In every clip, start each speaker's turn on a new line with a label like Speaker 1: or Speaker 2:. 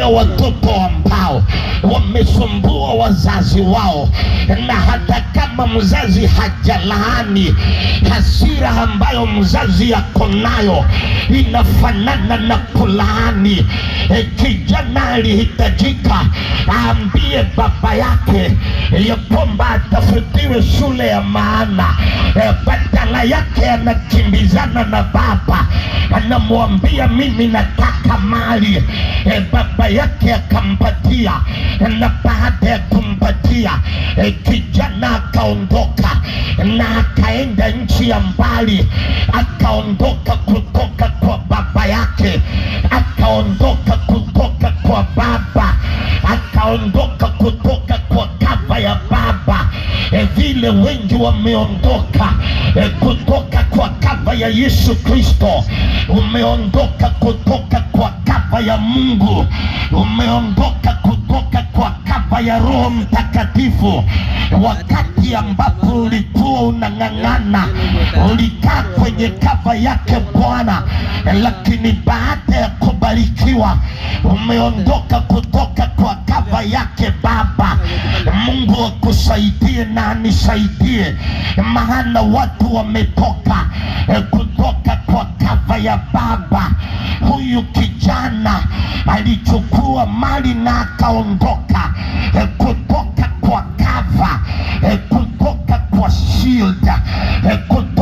Speaker 1: ya watoto wao, wamesumbua wazazi wao, na hata kama mzazi hajalaani, hasira ambayo mzazi yako nayo inafanana na kulaani. E, kijana alihitajika aambie baba yake ya kwamba atafutiwe shule ya maana. E, badala yake anakimbizana na baba, anamwambia mimi nataka mali. E, baba yake akampatia kumpatia na baada ya kumpatia e, kijana akaondoka na akaenda nchi ya mbali, akaondoka kutoka kwa baba yake, akaondoka kutoka kwa baba, akaondoka kutoka kwa kava ya baba. E, vile wengi wameondoka e, kutoka kwa kava ya Yesu Kristo, umeondoka kutoka kava ya Mungu, umeondoka kutoka kwa kava ya Roho Mtakatifu. Wakati ambapo ulikuwa unang'ang'ana, ulikaa kwenye kava yake Bwana, lakini baada ya kubarikiwa umeondoka kutoka kwa kava yake Baba. Mungu akusaidie na anisaidie, maana watu wametoka eh, kutoka kwa kava ya baba. Huyu kijana alichukua mali na akaondoka e, kutoka kwa kava, e, kutoka kwa shield, e, kutoka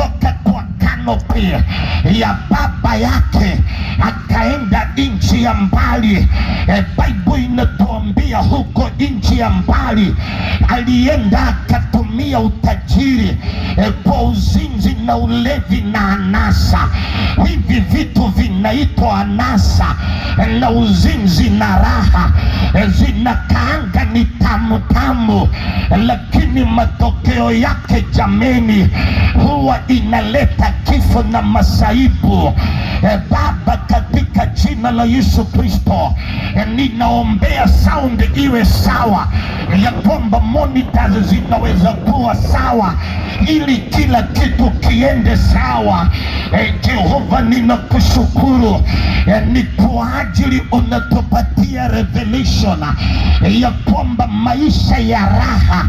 Speaker 1: pia ya baba yake akaenda nchi ya mbali. E, eh, Biblia inatuambia huko nchi ya mbali alienda akatumia utajiri e, kwa uzinzi na ulevi na anasa. Hivi vitu vinaitwa anasa e, na uzinzi na raha e, zinakaanga ni tamu tamu, lakini matokeo yake jameni, huwa inaleta vifo na masaibu e, Baba, katika jina la Yesu Kristo e, ninaombea sound iwe sawa e, ya kwamba monitors zinaweza kuwa sawa ili kila kitu kiende sawa. E, Jehova ninakushukuru e, ni kwa ajili unatupatia revelation e, ya kwamba maisha ya raha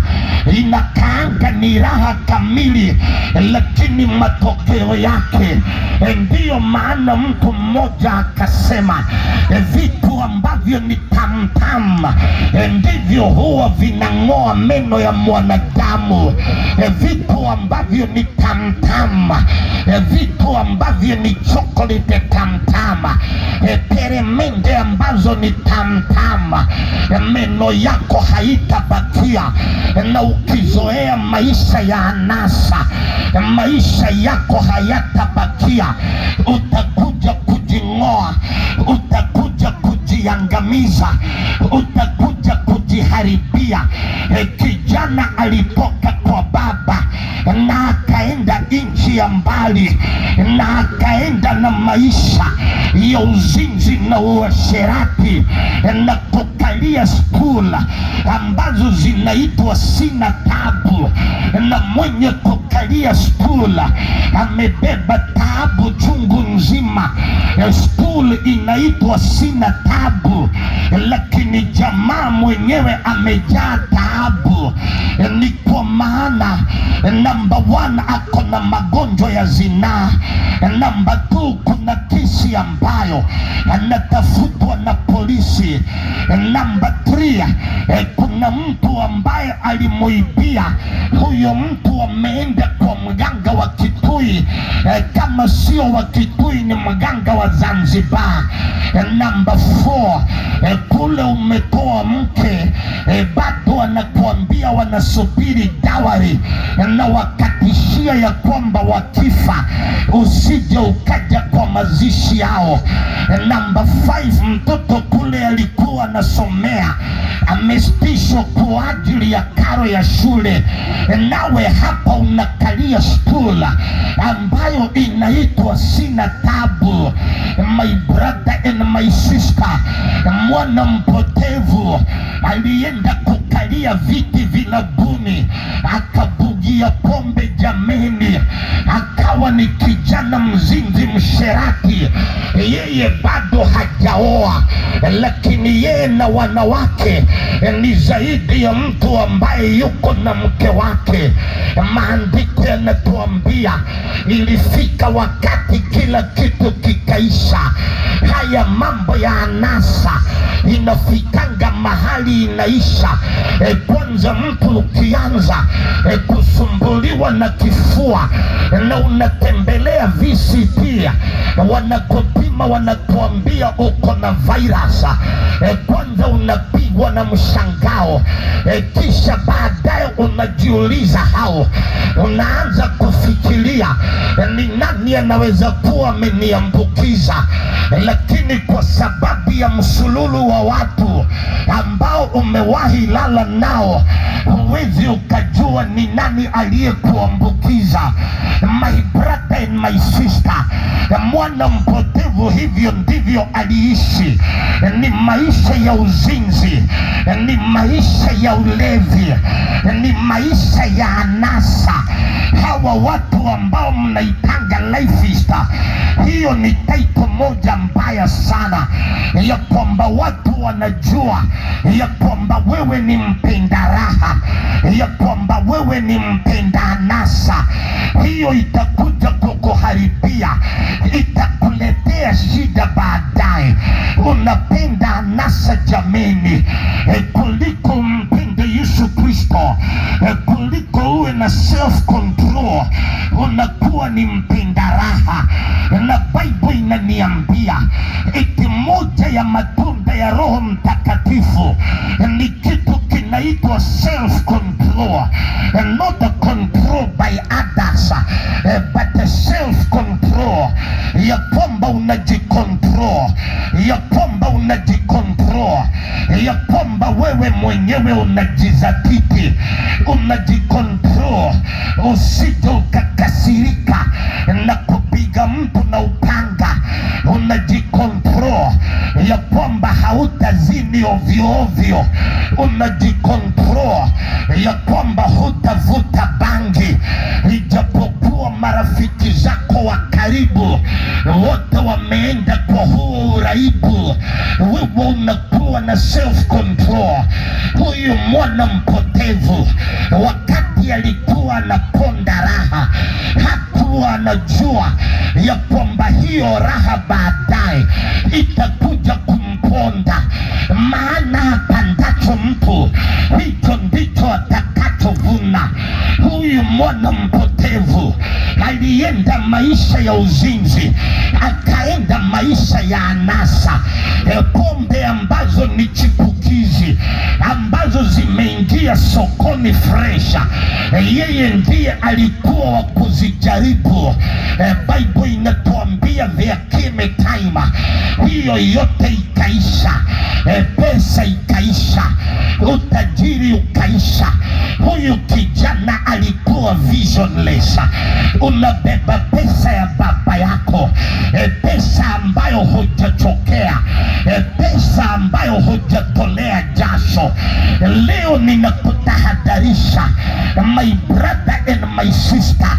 Speaker 1: inakaanga ni raha kamili, lakini matokeo yake. yake. Ndiyo maana mtu mmoja akasema, e, vitu ambavyo ni tamtam e, ndivyo huwa vinang'oa meno ya mwanadamu. E, vitu ambavyo ni tamtam, vitu ambavyo ni chokolete e, peremende ambazo ni tamtama. Meno yako haitabakia, na ukizoea maisha ya anasa, maisha yako hayatabakia. Utakuja kujing'oa, utakuja kujiangamiza, utakuja kujiharibia. Kijana alipoka ya mbali na akaenda na maisha ya uzinzi na uasherati na sheria school ambazo zinaitwa sina tabu, na mwenye kukalia school amebeba tabu chungu nzima. Eh, school inaitwa sina tabu, lakini jamaa mwenyewe amejaa tabu. Eh, ni kwa maana eh, namba one ako na magonjwa ya zinaa, namba two kuna kesi ambayo anatafuta mwizi. Namba 3, kuna mtu ambaye alimuibia huyo mtu, ameenda kwa mganga wa Kitui, eh, kama sio wa Kitui ni mganga wa Zanzibar. Eh, Namba 4, eh, kule umetoa mke bado anakuambia wanasubiri dawari na wakati anakutishia ya kwamba wakifa usije ukaja kwa mazishi yao. Namba 5 mtoto kule alikuwa anasomea amestishwa kwa ajili ya karo ya shule, nawe hapa unakalia stula ambayo inaitwa sina tabu. My brother and my sister, mwana mpotevu alienda kukalia viti vinabuni akabu maji pombe jamini, akawa ni kijana mzinzi msherati, yeye bado hajaoa, lakini yeye na wanawake ni zaidi ya mtu ambaye yuko na mke wake. Maandiko yanatuambia ilifika wakati kila kitu kikaisha. Haya mambo ya anasa inafikanga mahali inaisha. E, kwanza mtu ukianza e, kus unasumbuliwa na kifua na unatembelea pia wanakopima wanakuambia uko na virus e, kwanza unapigwa na mshangao e, kisha baadaye unajiuliza hao, unaanza kufikiria e, ni nani anaweza kuwa ameniambukiza, lakini kwa sababu ya msululu wa watu ambao umewahi lala nao, huwezi ukajua ni nani aliyekuambukiza. My brother and my sister, mwana mpotevu, hivyo ndivyo aliishi. Ni maisha ya uzinzi, ni maisha ya ulevi, ni maisha ya anasa. Hawa watu ambao mnaitanga lifestyle, hiyo ni taito moja mbaya sana ya kwamba watu wanajua kujua ya kwamba wewe ni mpenda raha, ya kwamba wewe ni mpenda anasa. Hiyo itakuja kukuharibia, itakuletea shida baadaye. Unapenda anasa jameni, eh, kuliko mpenda Yesu Kristo, e, kuliko uwe na self control, unakuwa ni mpenda raha. Na Bible inaniambia eti moja ya matunda ya Roho Mtakatifu eh, ni kitu kinaitwa self control, eh, not control by others but self control, ya kwamba unajikontrol unajikontrol, ya kwamba unajikontrol, ya kwamba wewe mwenyewe unajizatiti, unajikontrol usije ukakasirika na kupiga mtu na upanga. Unajikontrol ya kwamba hautazini ovyoovyo ovyo, unajikontrol ya kwamba hutavuta bangi ijapo wa marafiki zako wa karibu wote wameenda kwa huo uraibu, wewe unakuwa na self control. Huyu mwana mpotevu wakati alikuwa anaponda raha hakuwa anajua ya kwamba hiyo raha baadaye itakuja kumponda, maana apandacho mtu hicho ndicho atakachovuna. Huyu mwana mpotevu alienda maisha ya uzinzi, akaenda maisha ya anasa, eh, pombe ambazo ni chipukizi, ambazo zimeingia sokoni fresha, eh, yeye ndiye alikuwa wa kuzijaribu. Eh, Biblia inatuambia vya kime taima, hiyo yote ikaisha, pesa ikaisha usafiri ukaisha. Huyu kijana alikuwa visionless. Unabeba pesa ya baba yako, e, pesa ambayo hujachokea, e, pesa ambayo hujatolea jasho. Leo ninakutahadharisha my brother and my sister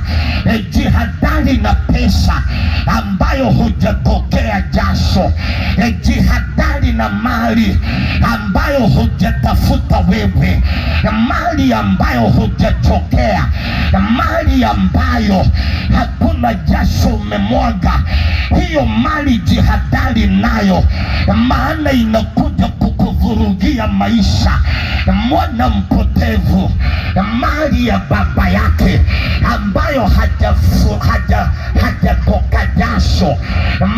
Speaker 1: eh, jihadari na pesa ambayo hujatokea jasho eh, jihadari na mali ambayo hujatafuta wewe, mali ambayo hujatokea mali ambayo hakuna jasho umemwaga, hiyo mali jihadari nayo, maana inakuja kurudia maisha. Mwana mpotevu, mali ya baba yake ambayo hajatoka jasho,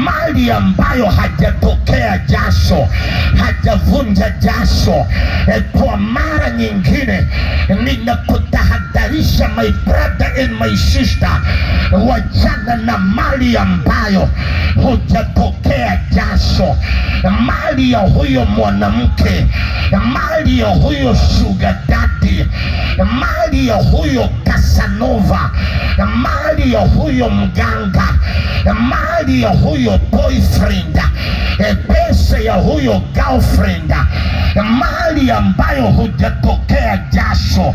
Speaker 1: mali ambayo hajatokea jasho, hajavunja jasho. E, kwa mara nyingine ninakutahadharisha my brother and my sister, wachana na mali ambayo hujatokea jasho, mali ya huyo mwanamke yake, mali ya huyo sugar daddy, mali ya huyo Kasanova, mali ya huyo mganga, mali ya huyo boyfriend, eh, pesa ya huyo girlfriend, mali ambayo hujatokea jasho,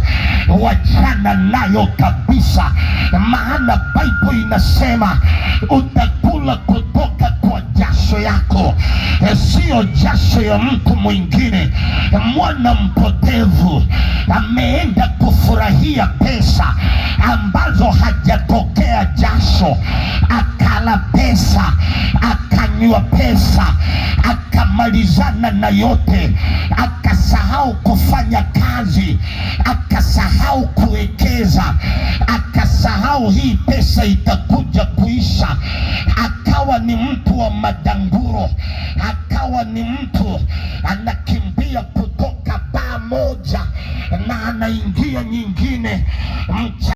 Speaker 1: wachana nayo kabisa, maana Bible inasema utakula kutoka siyo jasho ya mtu mwingine. Mwana mpotevu ameenda kufurahia pesa ambazo hajatokea jasho, akala pesa, akanywa pesa, akamalizana na yote, akasahau kufanya kazi, akasahau kuwekeza, akasahau hii pesa itakuja kuisha, akawa ni mtu wa madanguro ikawa ni mtu ana